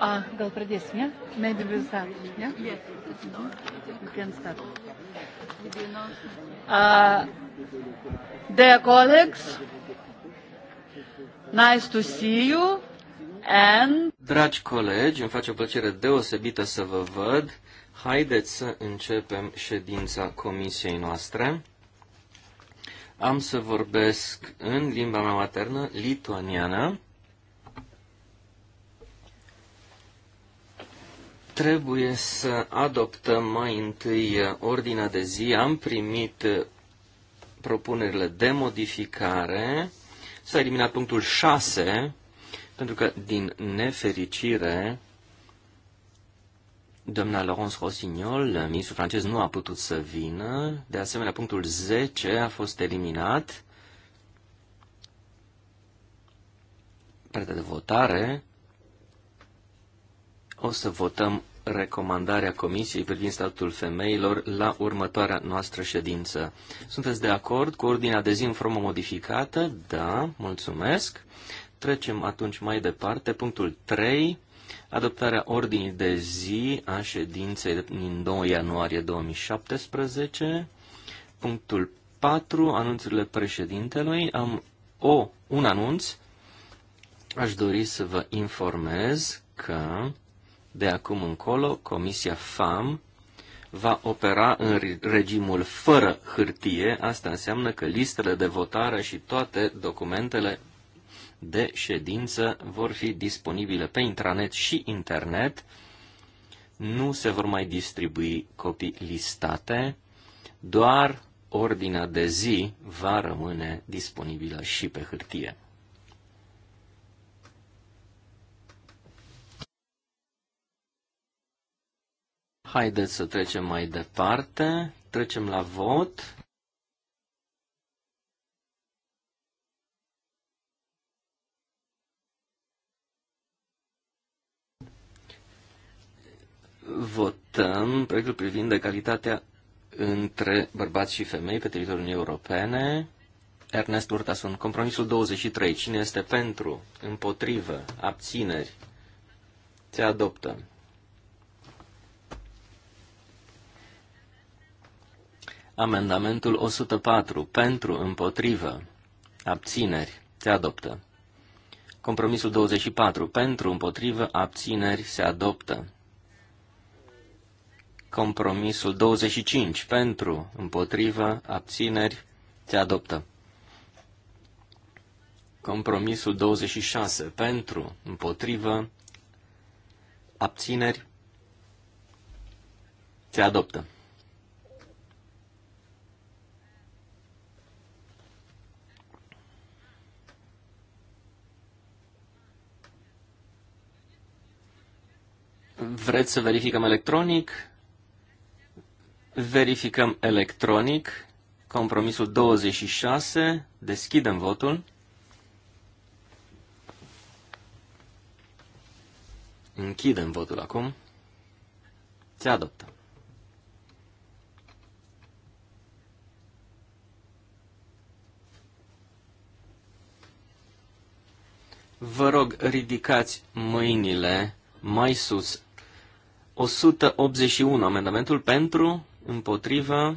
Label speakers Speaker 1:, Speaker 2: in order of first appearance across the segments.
Speaker 1: А, gal pradėsim, не? Мэйби we'll start, yeah? Yes. We can start. Uh, найс ту си ю, and...
Speaker 2: Dragi colegi, îmi face o plăcere deosebită să vă văd. Haideți să începem ședința comisiei noastre. Am să vorbesc în limba mea maternă, lituaniană. Trebuie să adoptăm mai întâi uh, ordinea de zi. Am primit uh, propunerile de modificare. S-a eliminat punctul 6, pentru că, din nefericire, Doamna Laurence Rossignol, uh, ministrul francez, nu a putut să vină. De asemenea, punctul 10 a fost eliminat. Partea de votare. O să votăm recomandarea Comisiei privind statul femeilor la următoarea noastră ședință. Sunteți de acord cu ordinea de zi în formă modificată? Da, mulțumesc. Trecem atunci mai departe. Punctul 3. Adoptarea ordinii de zi a ședinței din 2 ianuarie 2017. Punctul 4. Anunțurile președintelui. Am o, un anunț. Aș dori să vă informez că de acum încolo, Comisia FAM va opera în regimul fără hârtie. Asta înseamnă că listele de votare și toate documentele de ședință vor fi disponibile pe intranet și internet. Nu se vor mai distribui copii listate, doar ordinea de zi va rămâne disponibilă și pe hârtie. Haideți să trecem mai departe. Trecem la vot. Votăm proiectul privind egalitatea între bărbați și femei pe teritoriul Uniunii Europene. Ernest sunt compromisul 23. Cine este pentru, împotrivă, abțineri, se adoptă. Amendamentul 104. Pentru, împotrivă, abțineri, se adoptă. Compromisul 24. Pentru, împotrivă, abțineri, se adoptă. Compromisul 25. Pentru, împotrivă, abțineri, se adoptă. Compromisul 26. Pentru, împotrivă, abțineri, se adoptă. Vreți să verificăm electronic? Verificăm electronic. Compromisul 26. Deschidem votul. Închidem votul acum. Se adoptă. Vă rog, ridicați mâinile mai sus 181 amendamentul pentru, împotrivă,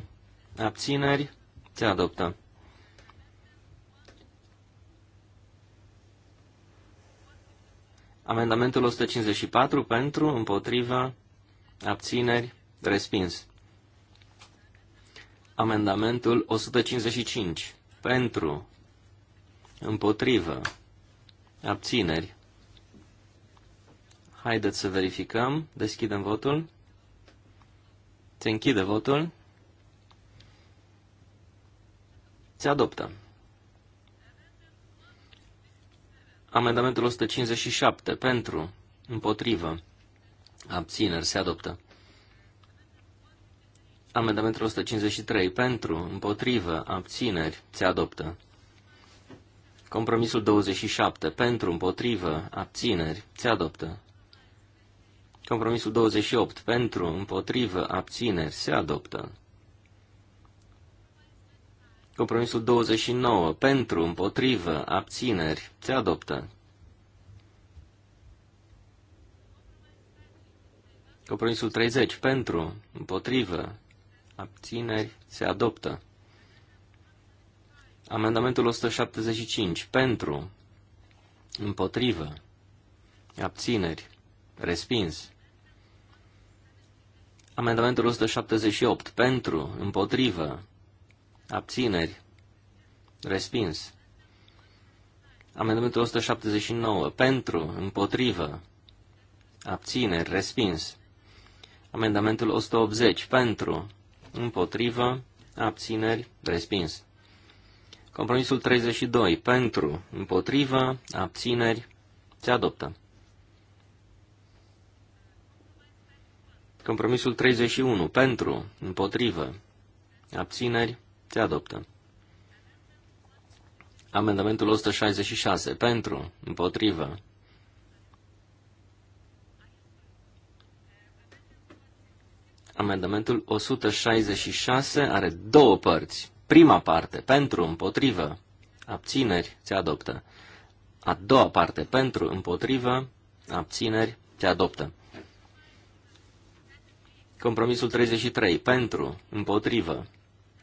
Speaker 2: abțineri, se adoptă. Amendamentul 154 pentru, împotrivă, abțineri, respins. Amendamentul 155 pentru, împotrivă, abțineri, Haideți să verificăm. Deschidem votul. Se închide votul. Se adoptă. Amendamentul 157 pentru, împotrivă, abțineri, se adoptă. Amendamentul 153 pentru, împotrivă, abțineri, se adoptă. Compromisul 27 pentru, împotrivă, abțineri, se adoptă. Compromisul 28 pentru, împotrivă, abțineri se adoptă. Compromisul 29 pentru, împotrivă, abțineri se adoptă. Compromisul 30 pentru, împotrivă, abțineri se adoptă. Amendamentul 175 pentru, împotrivă, abțineri, respins. Amendamentul 178. Pentru, împotrivă, abțineri, respins. Amendamentul 179. Pentru, împotrivă, abțineri, respins. Amendamentul 180. Pentru, împotrivă, abțineri, respins. Compromisul 32. Pentru, împotrivă, abțineri, se adoptă. Compromisul 31. Pentru, împotrivă, abțineri, se adoptă. Amendamentul 166. Pentru, împotrivă. Amendamentul 166 are două părți. Prima parte, pentru, împotrivă, abțineri, se adoptă. A doua parte, pentru, împotrivă, abțineri, se adoptă. Compromisul 33. Pentru, împotrivă,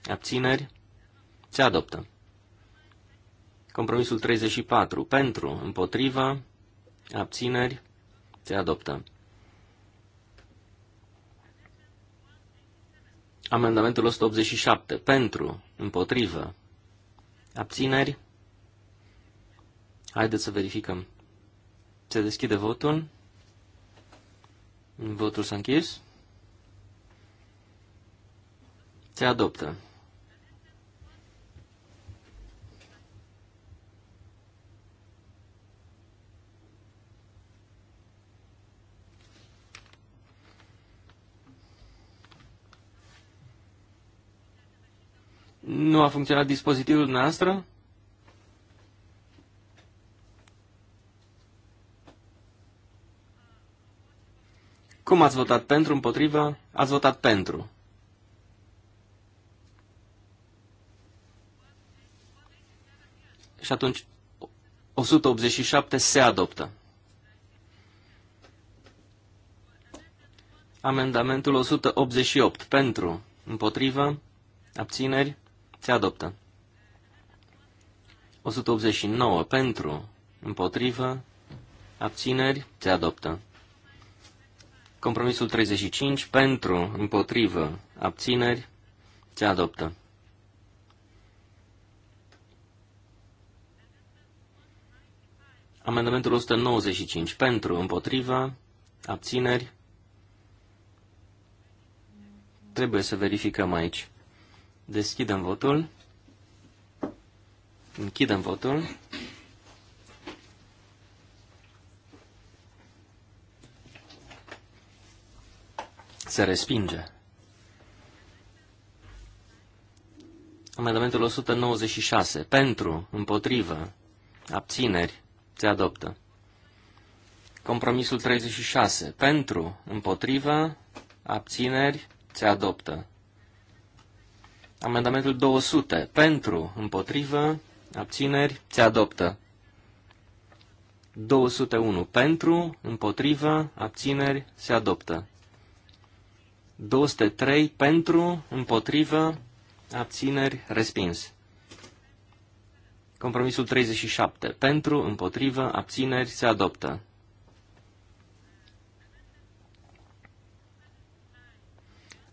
Speaker 2: abțineri, se adoptă. Compromisul 34. Pentru, împotrivă, abțineri, se adoptă. Amendamentul 187. Pentru, împotrivă, abțineri. Haideți să verificăm. Se deschide votul. Votul s-a închis. Se adoptă. Nu a funcționat dispozitivul dumneavoastră? Cum ați votat pentru, împotriva? Ați votat pentru. Și atunci 187 se adoptă. Amendamentul 188 pentru, împotrivă, abțineri, se adoptă. 189 pentru, împotrivă, abțineri, se adoptă. Compromisul 35 pentru, împotrivă, abțineri, se adoptă. Amendamentul 195 pentru, împotriva, abțineri. Trebuie să verificăm aici. Deschidem votul. Închidem votul. Se respinge. Amendamentul 196. Pentru, împotrivă, abțineri, se adoptă. Compromisul 36. Pentru, împotrivă, abțineri, se adoptă. Amendamentul 200. Pentru, împotrivă, abțineri, se adoptă. 201. Pentru, împotrivă, abțineri, se adoptă. 203. Pentru, împotrivă, abțineri, respins. Compromisul 37. Pentru, împotrivă, abțineri, se adoptă.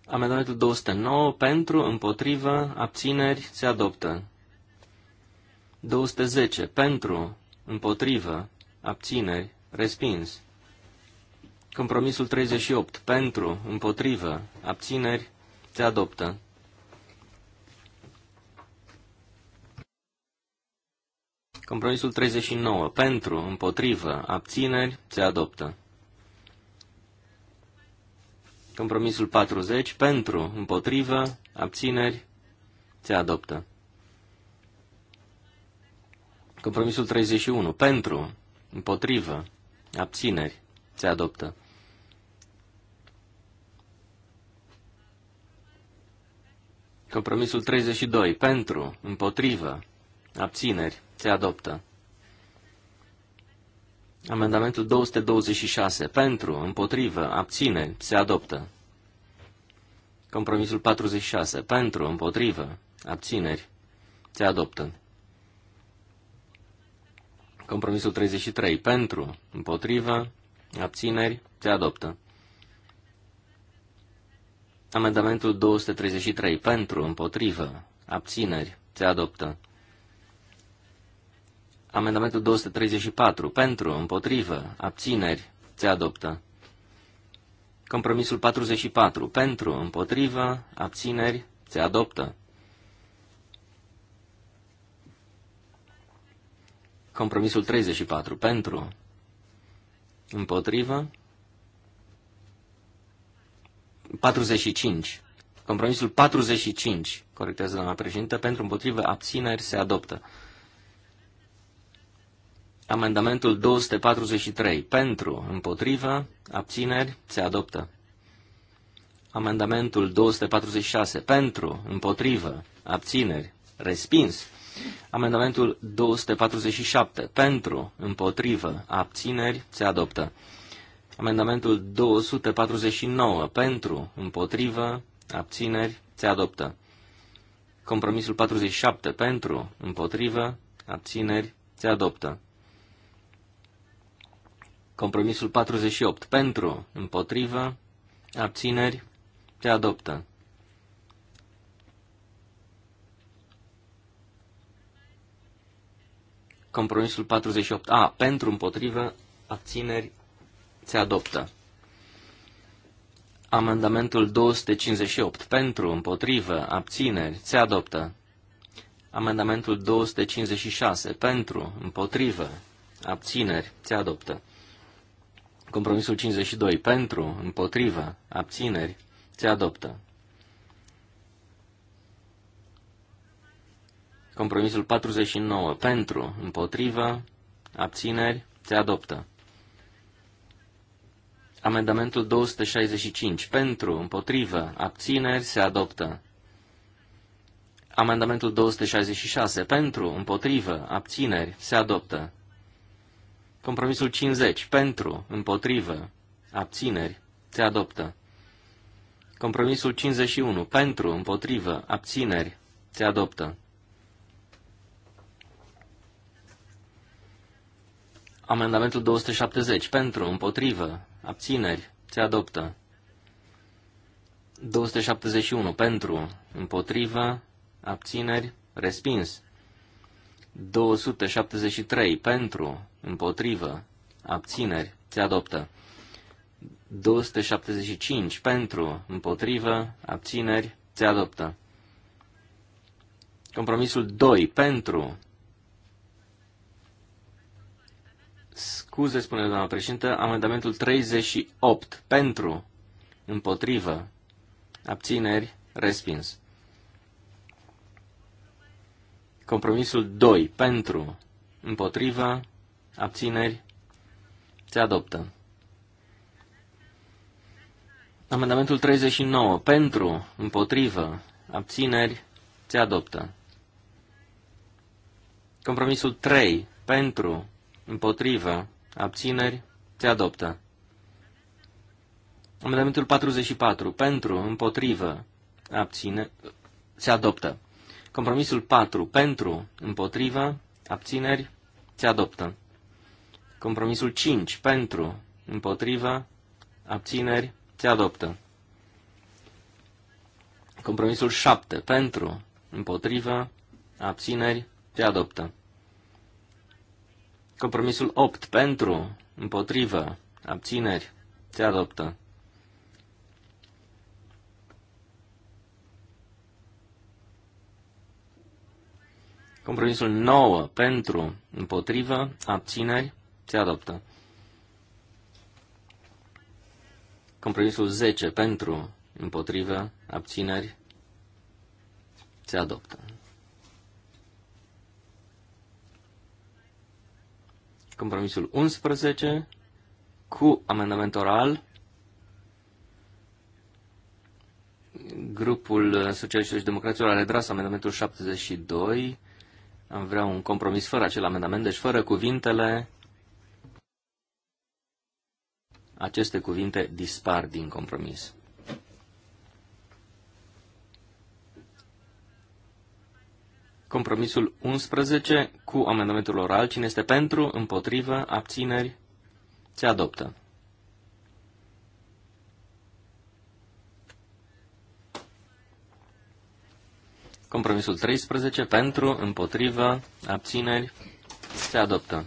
Speaker 2: Amendamentul 209. Pentru, împotrivă, abțineri, se adoptă. 210. Pentru, împotrivă, abțineri, respins. Compromisul 38. Pentru, împotrivă, abțineri, se adoptă. Compromisul 39. Pentru, împotrivă, abțineri, se adoptă. Compromisul 40. Pentru, împotrivă, abțineri, se adoptă. Compromisul 31. Pentru, împotrivă, abțineri, se adoptă. Compromisul 32. Pentru, împotrivă, abțineri, se adoptă. Amendamentul 226. Pentru, împotrivă, abține, se adoptă. Compromisul 46. Pentru, împotrivă, abțineri, se adoptă. Compromisul 33. Pentru, împotrivă, abțineri, se adoptă. Amendamentul 233. Pentru, împotrivă, abțineri, se adoptă. Amendamentul 234. Pentru, împotrivă, abțineri, se adoptă. Compromisul 44. Pentru, împotrivă, abțineri, se adoptă. Compromisul 34. Pentru, împotrivă, 45. Compromisul 45, corectează doamna președintă, pentru împotrivă abțineri se adoptă. Amendamentul 243. Pentru, împotrivă, abțineri, se adoptă. Amendamentul 246. Pentru, împotrivă, abțineri, respins. Amendamentul 247. Pentru, împotrivă, abțineri, se adoptă. Amendamentul 249. Pentru, împotrivă, abțineri, se adoptă. Compromisul 47. Pentru, împotrivă, abțineri, se adoptă. Compromisul 48. Pentru, împotrivă, abțineri, se adoptă. Compromisul 48A. Pentru, împotrivă, abțineri, se adoptă. Amendamentul 258. Pentru, împotrivă, abțineri, se adoptă. Amendamentul 256. Pentru, împotrivă, abțineri, se adoptă. Compromisul 52 pentru, împotrivă, abțineri, se adoptă. Compromisul 49 pentru, împotrivă, abțineri, se adoptă. Amendamentul 265 pentru, împotrivă, abțineri, se adoptă. Amendamentul 266 pentru, împotrivă, abțineri, se adoptă. Compromisul 50. Pentru, împotrivă, abțineri, se adoptă. Compromisul 51. Pentru, împotrivă, abțineri, se adoptă. Amendamentul 270. Pentru, împotrivă, abțineri, se adoptă. 271. Pentru, împotrivă, abțineri, respins. 273 pentru, împotrivă, abțineri, se adoptă. 275 pentru, împotrivă, abțineri, se adoptă. Compromisul 2 pentru. Scuze, spune doamna președintă, amendamentul 38 pentru, împotrivă, abțineri, respins. Compromisul 2. Pentru, împotriva, abțineri, se adoptă. Amendamentul 39. Pentru, împotrivă, abțineri, se adoptă. Compromisul 3. Pentru, împotrivă, abțineri, se adoptă. Amendamentul 44. Pentru, împotrivă, abține, se adoptă. Compromisul 4. Pentru, împotrivă, abțineri, se adoptă. Compromisul 5. Pentru, împotrivă, abțineri, se adoptă. Compromisul 7. Pentru, împotrivă, abțineri, se adoptă. Compromisul 8. Pentru, împotrivă, abțineri, se adoptă. Compromisul 9 pentru, împotrivă, abțineri, se adoptă. Compromisul 10 pentru, împotrivă, abțineri, se adoptă. Compromisul 11 cu amendament oral. Grupul Socialiștilor și Democraților a redras amendamentul 72 am vrea un compromis fără acel amendament, deci fără cuvintele. Aceste cuvinte dispar din compromis. Compromisul 11 cu amendamentul oral. Cine este pentru, împotrivă, abțineri, se adoptă. Compromisul 13 pentru, împotrivă, abțineri, se adoptă.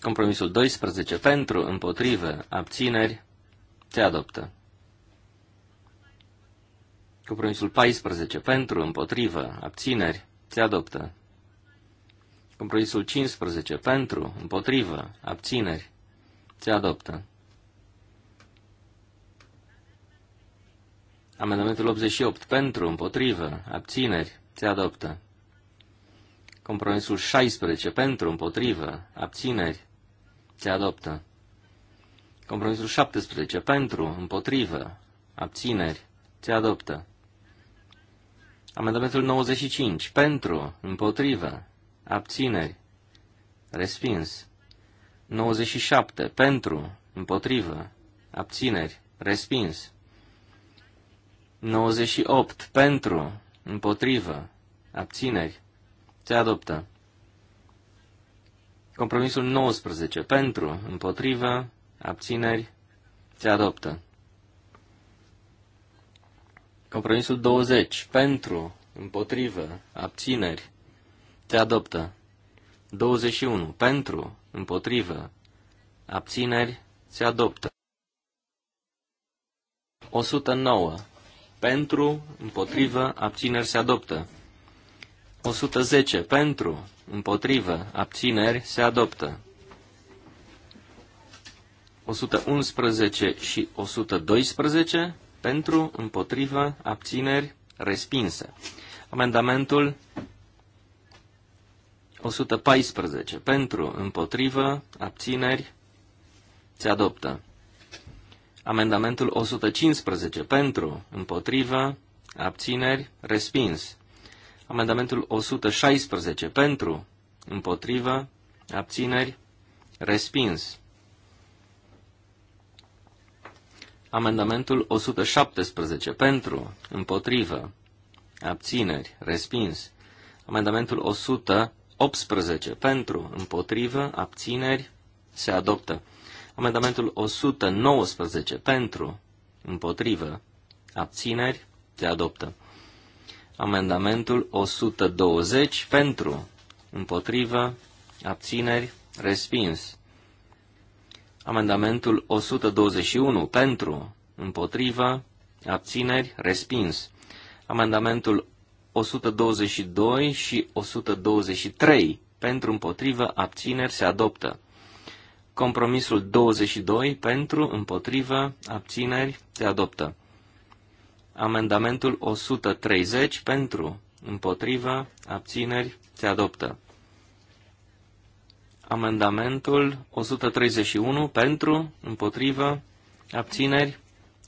Speaker 2: Compromisul 12 pentru, împotrivă, abțineri, se adoptă. Compromisul 14 pentru, împotrivă, abțineri, se adoptă. Compromisul 15 pentru, împotrivă, abțineri, se adoptă. Amendamentul 88. Pentru, împotrivă, abțineri, se adoptă. Compromisul 16. Pentru, împotrivă, abțineri, se adoptă. Compromisul 17. Pentru, împotrivă, abțineri, se adoptă. Amendamentul 95. Pentru, împotrivă, abțineri, respins. 97. Pentru, împotrivă, abțineri, respins. 98 pentru, împotrivă, abțineri, se adoptă. Compromisul 19 pentru, împotrivă, abțineri, se adoptă. Compromisul 20 pentru, împotrivă, abțineri, se adoptă. 21 pentru, împotrivă, abțineri, se adoptă. 109 pentru, împotrivă, abțineri se adoptă. 110. Pentru, împotrivă, abțineri se adoptă. 111 și 112. Pentru, împotrivă, abțineri respinse. Amendamentul 114. Pentru, împotrivă, abțineri se adoptă. Amendamentul 115 pentru, împotrivă, abțineri, respins. Amendamentul 116 pentru, împotrivă, abțineri, respins. Amendamentul 117 pentru, împotrivă, abțineri, respins. Amendamentul 118 pentru, împotrivă, abțineri, se adoptă. Amendamentul 119 pentru, împotrivă, abțineri, se adoptă. Amendamentul 120 pentru, împotrivă, abțineri, respins. Amendamentul 121 pentru, împotrivă, abțineri, respins. Amendamentul 122 și 123 pentru, împotrivă, abțineri, se adoptă. Compromisul 22 pentru, împotrivă, abțineri, se adoptă. Amendamentul 130 pentru, împotrivă, abțineri, se adoptă. Amendamentul 131 pentru, împotrivă, abțineri,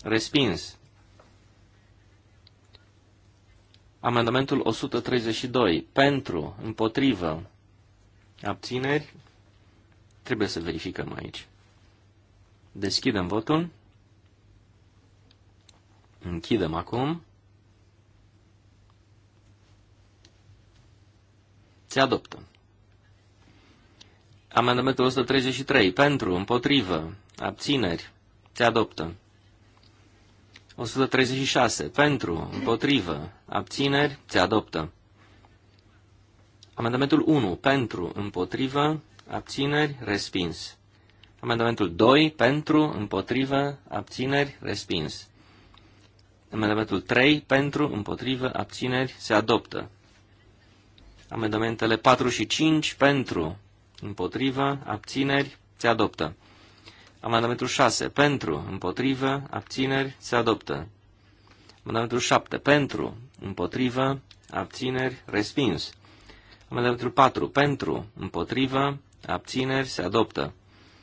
Speaker 2: respins. Amendamentul 132 pentru, împotrivă, abțineri, Trebuie să verificăm aici. Deschidem votul. Închidem acum. Se adoptă. Amendamentul 133. Pentru, împotrivă, abțineri. Se adoptă. 136. Pentru, împotrivă, abțineri. Se adoptă. Amendamentul 1. Pentru, împotrivă, abțineri, respins. Amendamentul 2, pentru, împotrivă, abțineri, respins. Amendamentul 3, pentru, împotrivă, abțineri, se adoptă. Amendamentele 4 și 5, pentru, împotrivă, abțineri, se adoptă. Amendamentul 6, pentru, împotrivă, abțineri, se adoptă. Amendamentul 7, pentru, împotrivă, abțineri, respins. Amendamentul 4, pentru, împotrivă, abțineri, se adoptă.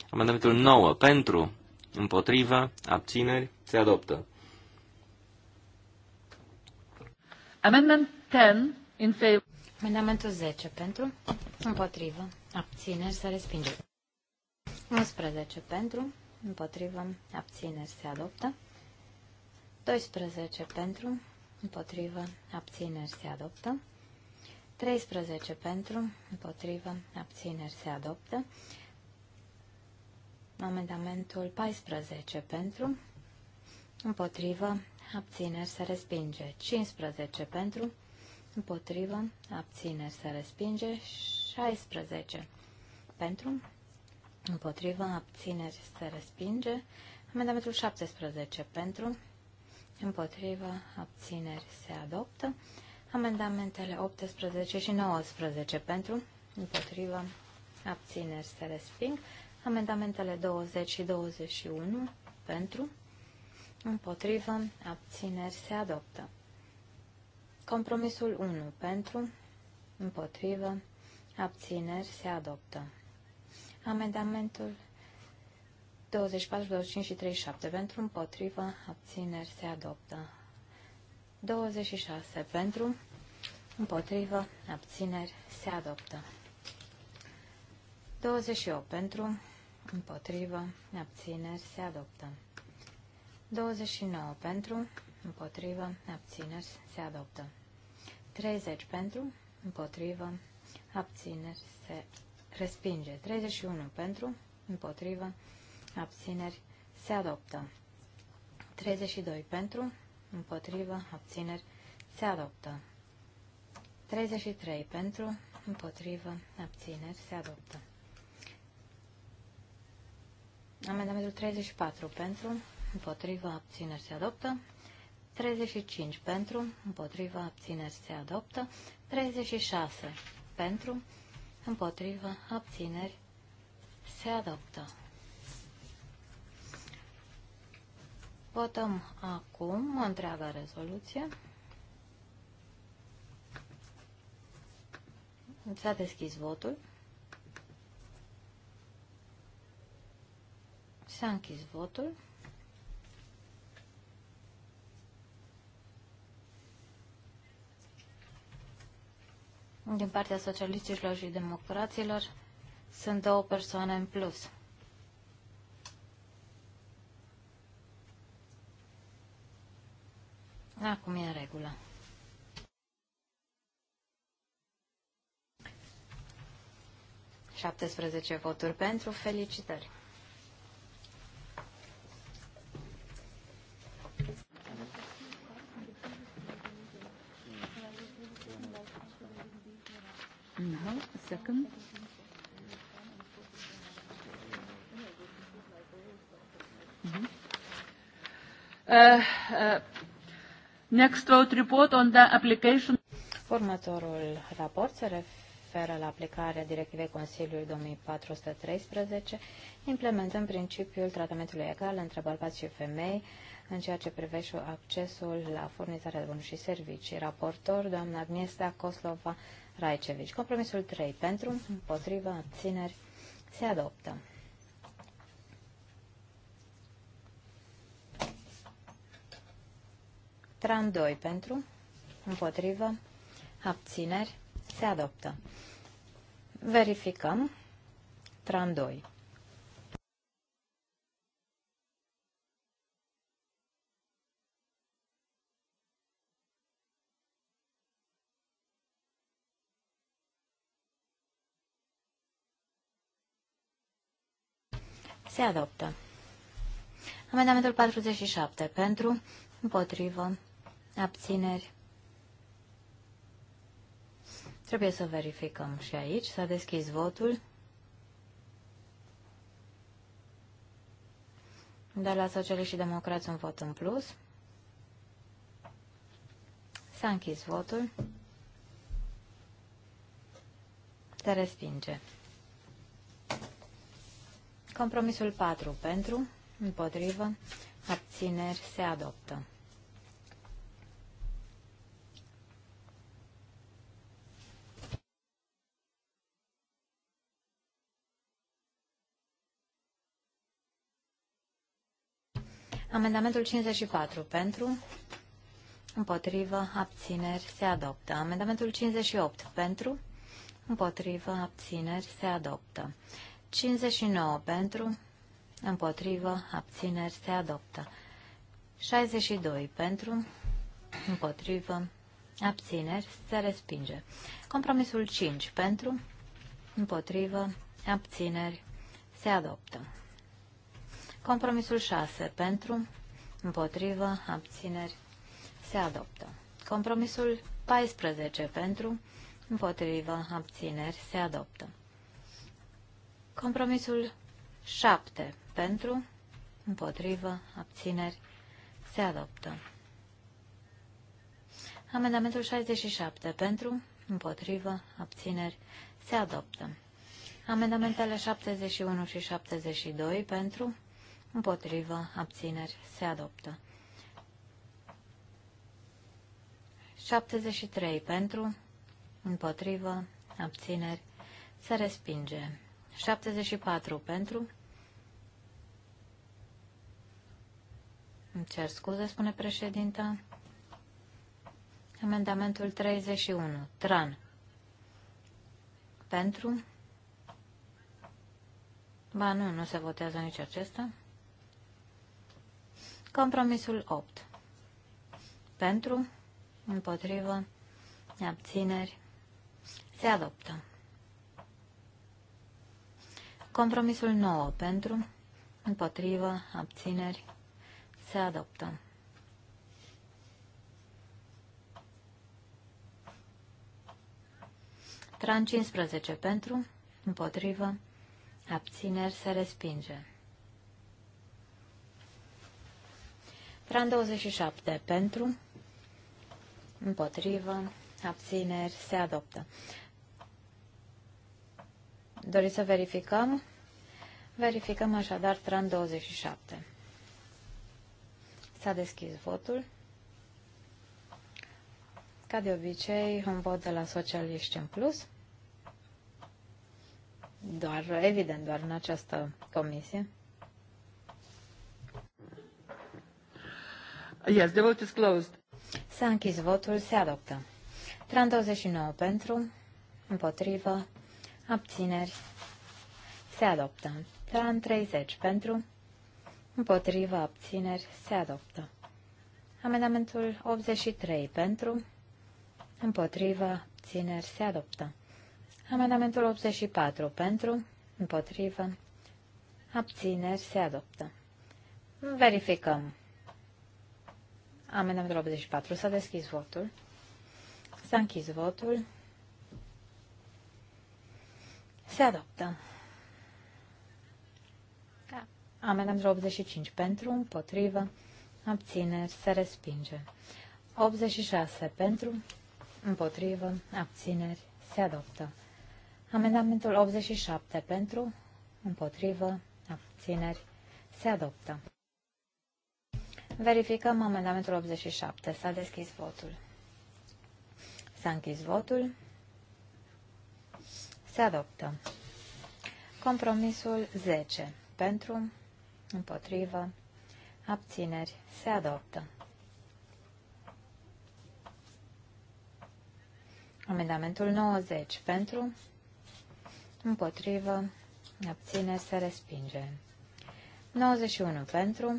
Speaker 2: Amendamentul 9 pentru, împotriva, abțineri, se adoptă.
Speaker 3: Amendment 10
Speaker 1: in favor. Amendamentul 10 pentru, împotrivă, abțineri, se respinge. 11 pentru, împotrivă, abțineri, se adoptă. 12 pentru, împotrivă, abțineri, se adoptă. 13 pentru, împotrivă, abțineri se adoptă. Amendamentul 14 pentru, împotrivă, abțineri se respinge. 15 pentru, împotrivă, abțineri se respinge. 16 pentru, împotrivă, abțineri se respinge. Amendamentul 17 pentru, împotrivă, abțineri se adoptă. Amendamentele 18 și 19 pentru, împotrivă, abțineri se resping. Amendamentele 20 și 21 pentru, împotrivă, abțineri se adoptă. Compromisul 1 pentru, împotrivă, abțineri se adoptă. Amendamentul 24, 25 și 37 pentru, împotrivă, abțineri se adoptă. 26 pentru, împotrivă, abțineri, se adoptă. 28 pentru, împotrivă, abțineri, se adoptă. 29 pentru, împotrivă, abțineri, se adoptă. 30 pentru, împotrivă, abțineri, se respinge. 31 pentru, împotrivă, abțineri, se adoptă. 32 pentru, împotrivă, abțineri, se adoptă. 33 pentru, împotrivă, abțineri, se adoptă. Amendamentul 34 pentru, împotrivă, abțineri, se adoptă. 35 pentru, împotrivă, abțineri, se adoptă. 36 pentru, împotrivă, abțineri, se adoptă. Votăm acum întreaga rezoluție. S-a deschis votul. S-a închis votul. Din partea socialiștilor și democraților sunt două persoane în plus. Acum e în regulă. Șaptesprezece voturi pentru. Felicitări! Now, a second. Mm -hmm. uh, uh, Next vote report on the application. Următorul raport se referă la aplicarea directivei Consiliului 2413, implementând principiul tratamentului egal între bărbați și femei în ceea ce privește accesul la furnizarea de bunuri și servicii. Raportor, doamna Agnieszka Koslova Raicevici. Compromisul 3. Pentru, împotriva, abțineri, se adoptă. Tran 2 pentru, împotrivă, abțineri, se adoptă. Verificăm. Tran 2. Se adoptă. Amendamentul 47. Pentru, împotrivă, abțineri. Trebuie să verificăm și aici. S-a deschis votul. Dar la Socialiști și Democrați un vot în plus. S-a închis votul. Se respinge. Compromisul 4 pentru, împotrivă, abțineri se adoptă. Amendamentul 54 pentru, împotrivă, abțineri, se adoptă. Amendamentul 58 pentru, împotrivă, abțineri, se adoptă. 59 pentru, împotrivă, abțineri, se adoptă. 62 pentru, împotrivă, abțineri, se respinge. Compromisul 5 pentru, împotrivă, abțineri, se adoptă. Compromisul 6 pentru, împotrivă, abțineri, se adoptă. Compromisul 14 pentru, împotrivă, abțineri, se adoptă. Compromisul 7 pentru, împotrivă, abțineri, se adoptă. Amendamentul 67 pentru, împotrivă, abțineri, se adoptă. Amendamentele 71 și 72 pentru, împotrivă, abțineri, se adoptă. 73 pentru, împotrivă, abțineri, se respinge. 74 pentru, îmi cer scuze, spune președinta, amendamentul 31, TRAN, pentru, ba nu, nu se votează nici acesta, Compromisul 8. Pentru, împotrivă, abțineri, se adoptă. Compromisul 9. Pentru, împotrivă, abțineri, se adoptă. Tran 15 pentru, împotrivă, abțineri se respinge. Tran 27 pentru, împotrivă, abțineri, se adoptă. Doriți să verificăm? Verificăm așadar Tran 27. S-a deschis votul. Ca de obicei, un vot de la socialiști în plus. Doar, evident, doar în această comisie.
Speaker 2: Yes, the vote is closed.
Speaker 1: S-a închis votul, se adoptă. 39 pentru, împotrivă, abțineri, se adoptă. Tran 30 pentru, împotrivă, abțineri, se adoptă. Amendamentul 83 pentru, împotrivă, abțineri, se adoptă. Amendamentul 84 pentru, împotrivă, abțineri, se adoptă. Verificăm. Amendamentul 84. S-a deschis votul. S-a închis votul. Se adoptă. Da. Amendamentul 85. Pentru, împotrivă, abțineri, se respinge. 86. Pentru, împotrivă, abțineri, se adoptă. Amendamentul 87. Pentru, împotrivă, abțineri, se adoptă. Verificăm amendamentul 87. S-a deschis votul. S-a închis votul. Se adoptă. Compromisul 10. Pentru, împotrivă, abțineri. Se adoptă. Amendamentul 90. Pentru, împotrivă, abțineri. Se respinge. 91. Pentru,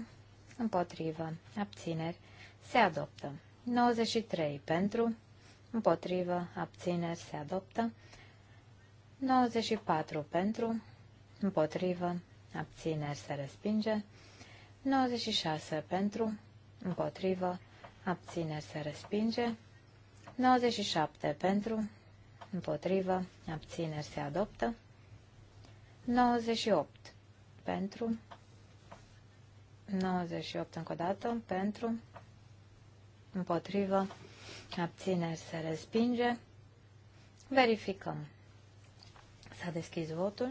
Speaker 1: împotrivă, abțineri, se adoptă. 93 pentru, împotrivă, abțineri, se adoptă. 94 pentru, împotrivă, abțineri, se respinge. 96 pentru, împotrivă, abțineri, se respinge. 97 pentru, împotrivă, abțineri, se adoptă. 98 pentru, 98 încă o dată pentru, împotrivă, abțineri se respinge. Verificăm. S-a deschis votul.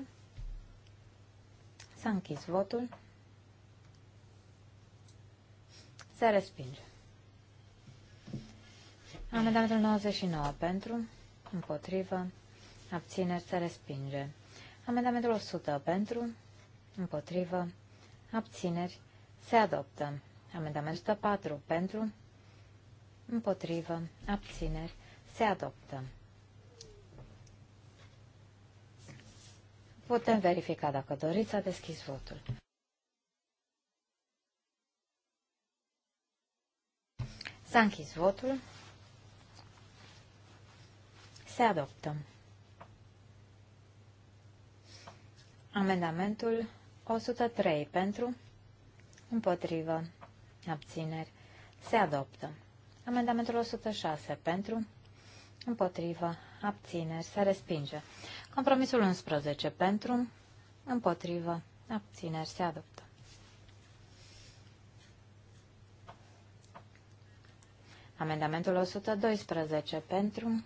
Speaker 1: S-a închis votul. Se respinge. Amendamentul 99 pentru, împotrivă, abțineri se respinge. Amendamentul 100 pentru, împotrivă, abțineri se adoptă. Amendamentul 104 pentru, împotrivă, abțineri, se adoptă. Putem verifica dacă doriți, să deschis votul. S-a închis votul. Se adoptă. Amendamentul 103 pentru Împotrivă. Abțineri. Se adoptă. Amendamentul 106. Pentru. Împotrivă. Abțineri. Se respinge. Compromisul 11. Pentru. Împotrivă. Abțineri. Se adoptă. Amendamentul 112. Pentru.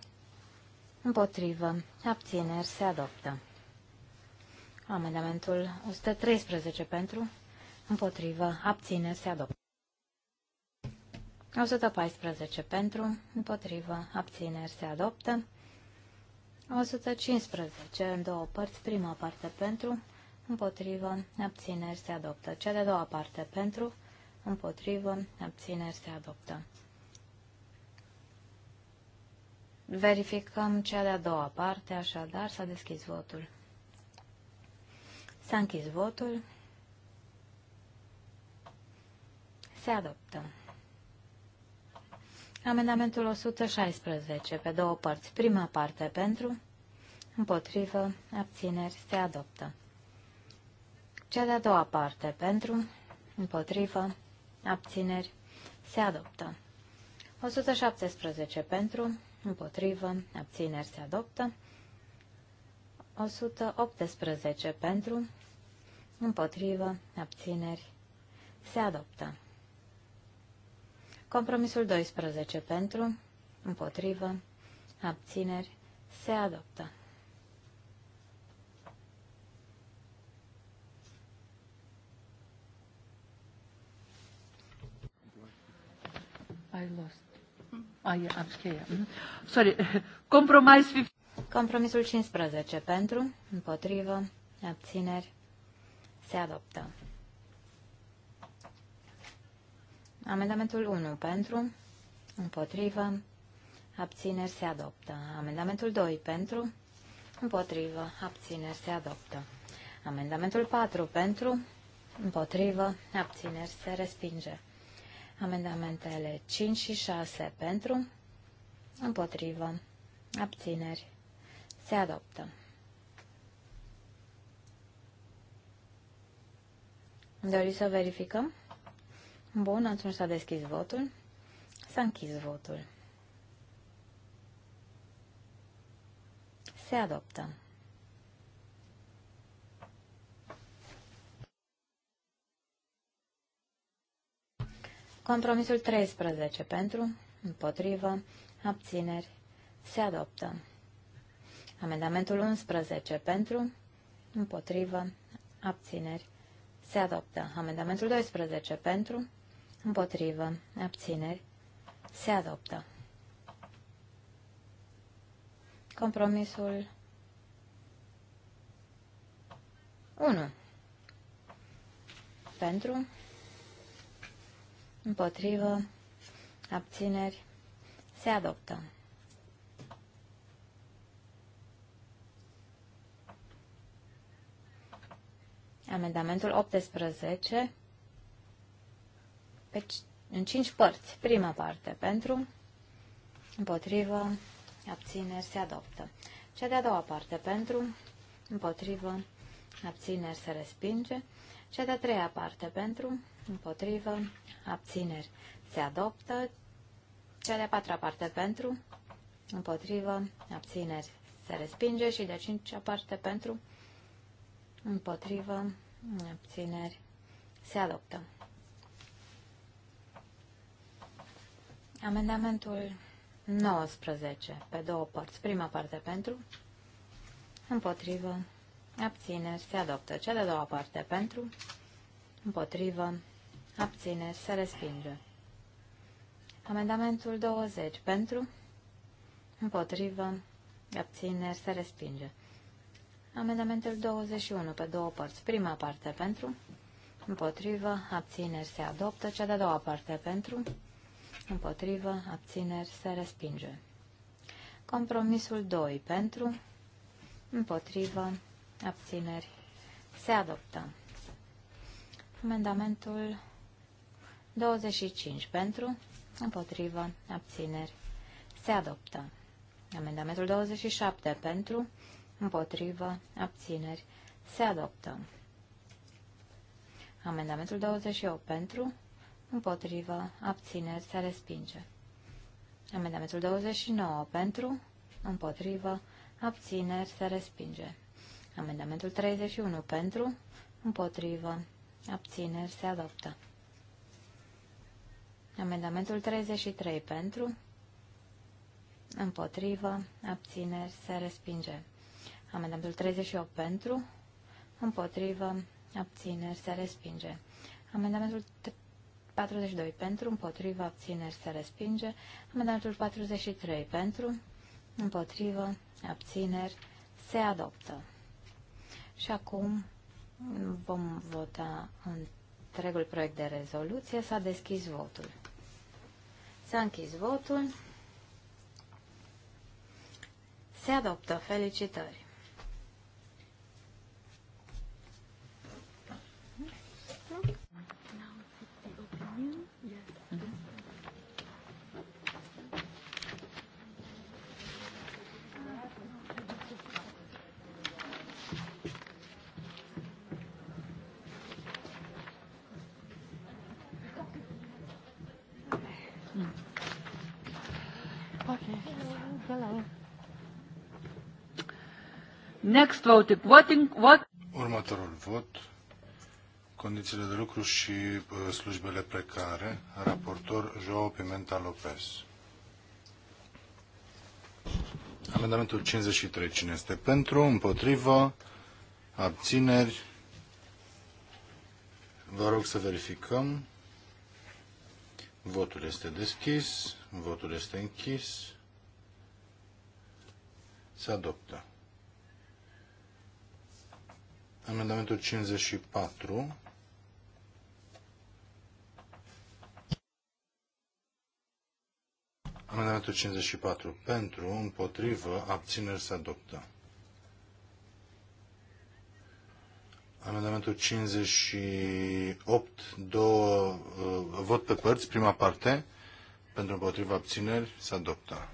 Speaker 1: Împotrivă. Abțineri. Se adoptă. Amendamentul 113. Pentru împotrivă, abține, se adoptă. 114 pentru, împotrivă, abțineri se adoptă. 115 în două părți, prima parte pentru, împotrivă, abțineri se adoptă. Cea de-a doua parte pentru, împotrivă, abțineri se adoptă. Verificăm cea de-a doua parte, așadar s-a deschis votul. S-a închis votul. Se adoptă. Amendamentul 116, pe două părți. Prima parte pentru, împotrivă, abțineri, se adoptă. Cea de-a doua parte pentru, împotrivă, abțineri, se adoptă. 117 pentru, împotrivă, abțineri, se adoptă. 118 pentru, împotrivă, abțineri, se adoptă. Compromisul 12 pentru, împotrivă, abțineri, se adoptă. I lost. Ah, I am mm-hmm. Sorry. Compromise 15. Compromisul 15 pentru, împotrivă, abțineri, se adoptă. Amendamentul 1 pentru, împotrivă, abțineri se adoptă. Amendamentul 2 pentru, împotrivă, abțineri se adoptă. Amendamentul 4 pentru, împotrivă, abțineri se respinge. Amendamentele 5 și 6 pentru, împotrivă, abțineri se adoptă. Doriți să verificăm? Bun, atunci s-a deschis votul. S-a închis votul. Se adoptă. Compromisul 13 pentru, împotrivă, abțineri, se adoptă. Amendamentul 11 pentru, împotrivă, abțineri, se adoptă. Amendamentul 12 pentru, împotrivă, abțineri, se adoptă. Compromisul 1. Pentru, împotrivă, abțineri, se adoptă. Amendamentul 18 pe, deci, în cinci părți. Prima parte pentru, împotrivă, abțineri se adoptă. Cea de-a doua parte pentru, împotrivă, abțineri se respinge. Cea de-a treia parte pentru, împotrivă, abțineri se adoptă. Cea de-a patra parte pentru, împotrivă, abțineri se respinge și de-a cincea parte pentru, împotrivă, abțineri se adoptă. Amendamentul 19, pe două părți. Prima parte pentru, împotrivă, abțineri, se adoptă. Cea de doua parte pentru, împotrivă, abțineri, se respinge. Amendamentul 20, pentru, împotrivă, abțineri, se respinge. Amendamentul 21, pe două părți. Prima parte pentru, împotrivă, abțineri, se adoptă. Cea de doua parte pentru, împotrivă, abțineri, se respinge. Compromisul 2 pentru, împotrivă, abțineri, se adoptă. Amendamentul 25 pentru, împotrivă, abțineri, se adoptă. Amendamentul 27 pentru, împotrivă, abțineri, se adoptă. Amendamentul 28 pentru, Împotrivă. Abțineri. Se respinge. Amendamentul 29. Pentru. Împotrivă. Abțineri. Se respinge. Amendamentul 31. Pentru. Împotrivă. Abțineri. Se adoptă. Amendamentul 33. Pentru. Împotrivă. Abțineri. Se respinge. Amendamentul 38. Pentru. Împotrivă. Abțineri. Se respinge. Amendamentul 42 pentru, împotriva, abțineri se respinge. Amendamentul 43 pentru, împotrivă, abțineri se adoptă. Și acum vom vota întregul proiect de rezoluție. S-a deschis votul. S-a închis votul. Se adoptă. Felicitări!
Speaker 2: Next vote, voting, what?
Speaker 3: Următorul vot, condițiile de lucru și uh, slujbele precare, raportor Joao Pimenta Lopez. Amendamentul 53. Cine este pentru? Împotrivă? Abțineri? Vă rog să verificăm. Votul este deschis. Votul este închis. Se adoptă. Amendamentul 54. Amendamentul 54. Pentru, împotrivă, abțineri se adoptă. Amendamentul 58, două, uh, vot pe părți, prima parte, pentru împotrivă, abțineri, se adoptă.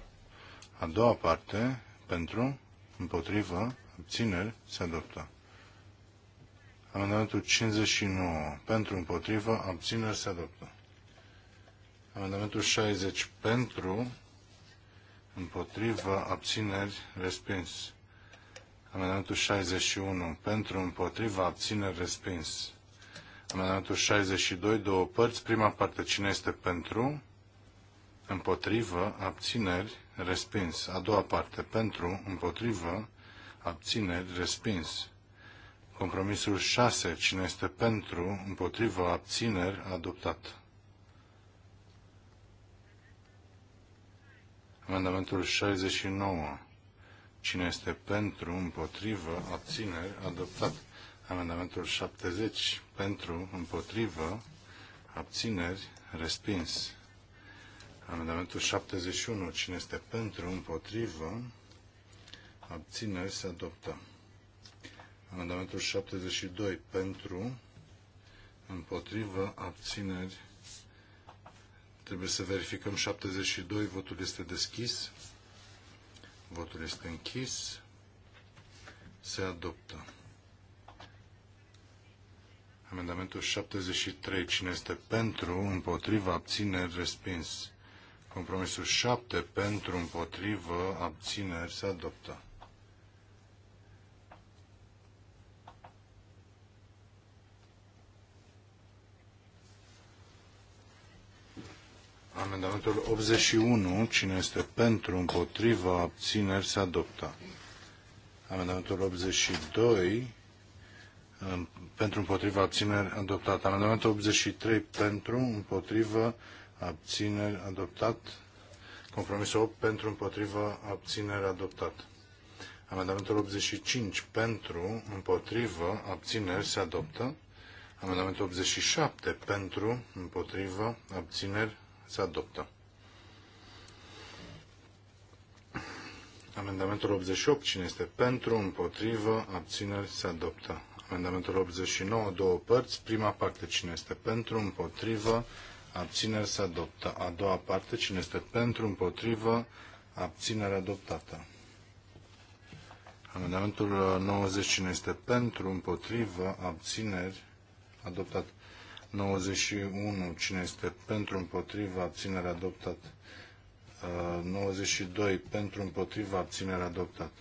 Speaker 3: A doua parte, pentru împotrivă, abțineri, se adoptă. Amendamentul 59 pentru împotrivă, abțineri se adoptă. Amendamentul 60 pentru împotrivă, abțineri respins. Amendamentul 61 pentru împotrivă, abțineri respins. Amendamentul 62, două părți. Prima parte, cine este pentru? Împotrivă, abțineri, respins. A doua parte, pentru, împotrivă, abțineri, respins. Compromisul 6. Cine este pentru, împotrivă, abțineri, adoptat. Amendamentul 69. Cine este pentru, împotrivă, abțineri, adoptat. Amendamentul 70. Pentru, împotrivă, abțineri, respins. Amendamentul 71. Cine este pentru, împotrivă, abțineri, se adoptă. Amendamentul 72 pentru, împotrivă, abțineri. Trebuie să verificăm 72, votul este deschis. Votul este închis. Se adoptă. Amendamentul 73. Cine este pentru, împotriva, abțineri, respins. Compromisul 7. Pentru, împotrivă, abțineri, se adoptă. Amendamentul 81, cine este pentru, împotriva, abțineri, se adoptă. Amendamentul 82, pentru, împotriva, abțineri, adoptat. Amendamentul 83, pentru, împotriva, abțineri, adoptat. Compromisul 8, pentru, împotriva, abțineri, adoptat. Amendamentul 85, pentru, împotriva, abțineri, se adoptă. Amendamentul 87 pentru, împotrivă, abțineri, se adoptă. Amendamentul 88, cine este pentru, împotrivă, abțineri, se adoptă. Amendamentul 89, două părți. Prima parte, cine este pentru, împotrivă, abțineri, se adoptă. A doua parte, cine este pentru, împotrivă, abținere adoptată. Amendamentul 90, cine este pentru, împotrivă, abțineri, adoptat. 91. Cine este pentru, împotriva, abținere adoptat. 92. Uh, pentru, împotriva, abținere adoptat.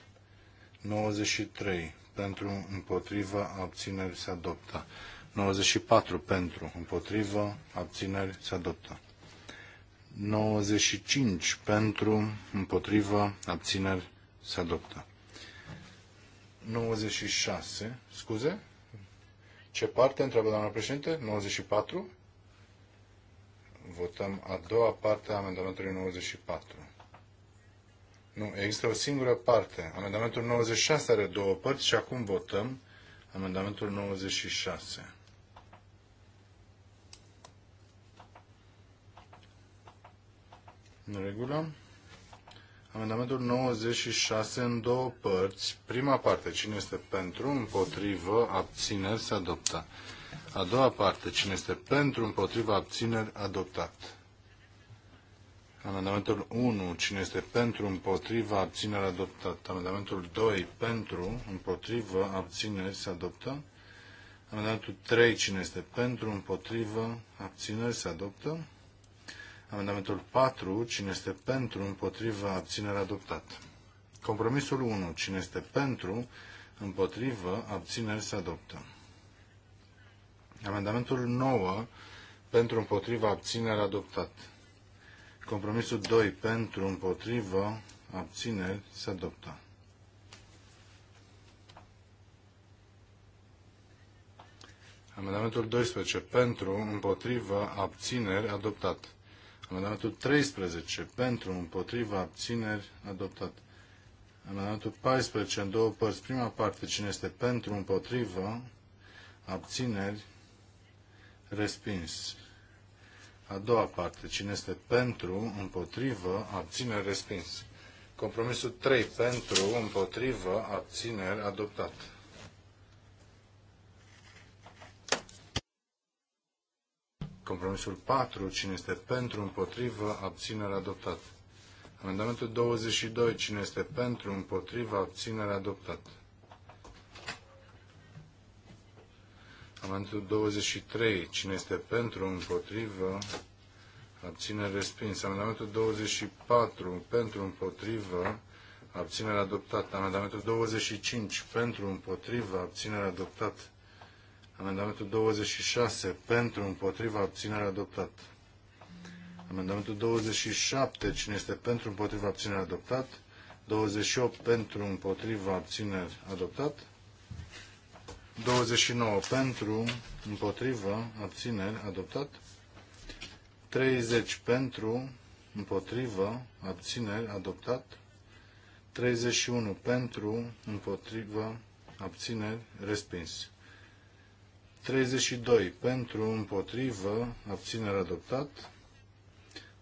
Speaker 3: 93. Pentru, împotriva, abțineri se adoptă. 94. Pentru, împotriva, abțineri se adoptă. 95 pentru, împotriva, abțineri, se adoptă. 96, scuze, ce parte, întreabă doamna președinte? 94? Votăm a doua parte a amendamentului 94. Nu, există o singură parte. Amendamentul 96 are două părți și acum votăm amendamentul 96. În regulă. Amendamentul 96 în două părți. Prima parte, cine este pentru, împotrivă, abțineri, se adoptă. A doua parte, cine este pentru, împotrivă, abțineri, adoptat. Amendamentul 1, cine este pentru, împotrivă, abțineri, adoptat. Amendamentul 2, pentru, împotrivă, abțineri, se adoptă. Amendamentul 3, cine este pentru, împotrivă, abțineri, se adoptă. Amendamentul 4. Cine este pentru? Împotriva? Abținere adoptat. Compromisul 1. Cine este pentru? Împotrivă? Abțineri se adoptă. Amendamentul 9. Pentru împotriva abținere adoptat. Compromisul 2. Pentru împotrivă abțineri se adoptă. Amendamentul 12. Pentru împotrivă abțineri adoptat. Amendamentul 13 pentru, împotriva, abțineri, adoptat. Amendamentul 14 în două părți. Prima parte, cine este pentru, împotrivă, abțineri, respins. A doua parte, cine este pentru, împotrivă, abțineri, respins. Compromisul 3, pentru, împotrivă, abțineri, adoptat. Compromisul 4. Cine este pentru, împotrivă, abținere, adoptat. Amendamentul 22. Cine este pentru, împotrivă, abținere, adoptat. Amendamentul 23. Cine este pentru, împotrivă, abținere, respins. Amendamentul 24. Pentru, împotrivă, abținere, adoptat. Amendamentul 25. Pentru, împotrivă, abținere, adoptat. Amendamentul 26 pentru, împotriva, abținere adoptat. Amendamentul 27, cine este pentru, împotriva, abținere adoptat. 28 pentru, împotriva, abțineri adoptat. 29 pentru, împotriva, abțineri adoptat. 30 pentru, împotriva abțineri, adoptat. 31 pentru, împotriva abțineri, respins. 32 pentru, împotrivă, abținere adoptat.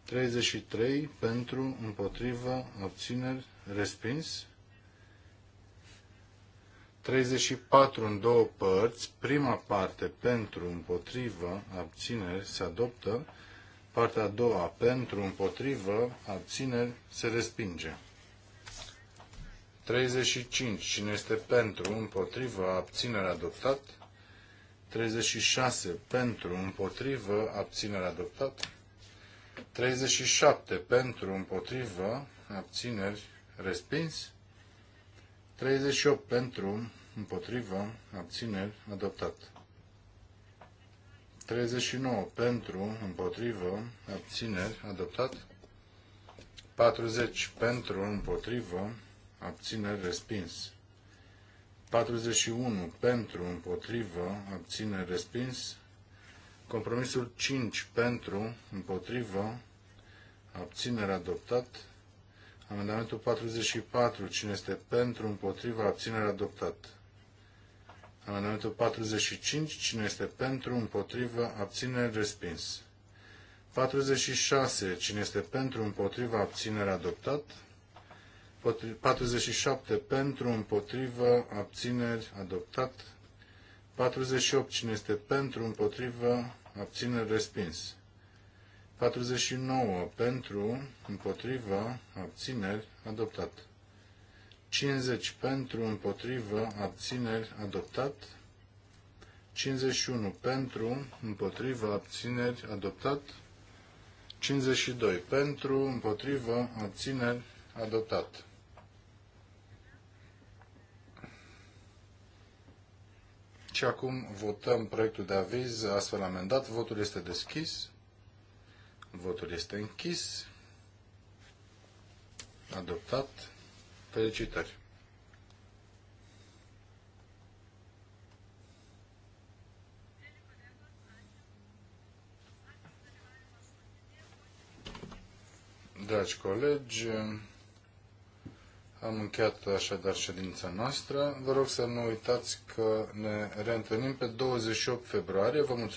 Speaker 3: 33 pentru, împotrivă, abțineri, respins. 34 în două părți, prima parte pentru, împotrivă, abțineri, se adoptă, partea a doua pentru, împotrivă, abțineri, se respinge. 35. Cine este pentru, împotrivă, abținere adoptat. 36 pentru, împotrivă, abținere adoptat. 37 pentru, împotrivă, abțineri, respins. 38 pentru, împotrivă, abțineri, adoptat. 39 pentru, împotrivă, abțineri, adoptat. 40 pentru, împotrivă, abțineri, respins. 41 pentru, împotrivă, abține, respins. Compromisul 5 pentru, împotrivă, abținere adoptat. Amendamentul 44, cine este pentru, împotrivă, abținere adoptat. Amendamentul 45, cine este pentru, împotrivă, abținere respins. 46, cine este pentru, împotrivă, abținere adoptat. 47 pentru, împotrivă, abțineri, adoptat. 48 cine este pentru, împotrivă, abțineri, respins. 49 pentru, împotrivă, abțineri, adoptat. 50 pentru, împotrivă, abțineri, adoptat. 51 pentru, împotrivă, abțineri, adoptat. 52 pentru, împotrivă, abțineri, adoptat. Și acum votăm proiectul de aviz astfel amendat. Votul este deschis. Votul este închis. Adoptat. Felicitări! Dragi colegi, am încheiat așadar ședința noastră. Vă rog să nu uitați că ne reîntâlnim pe 28 februarie. Vă mulțumesc.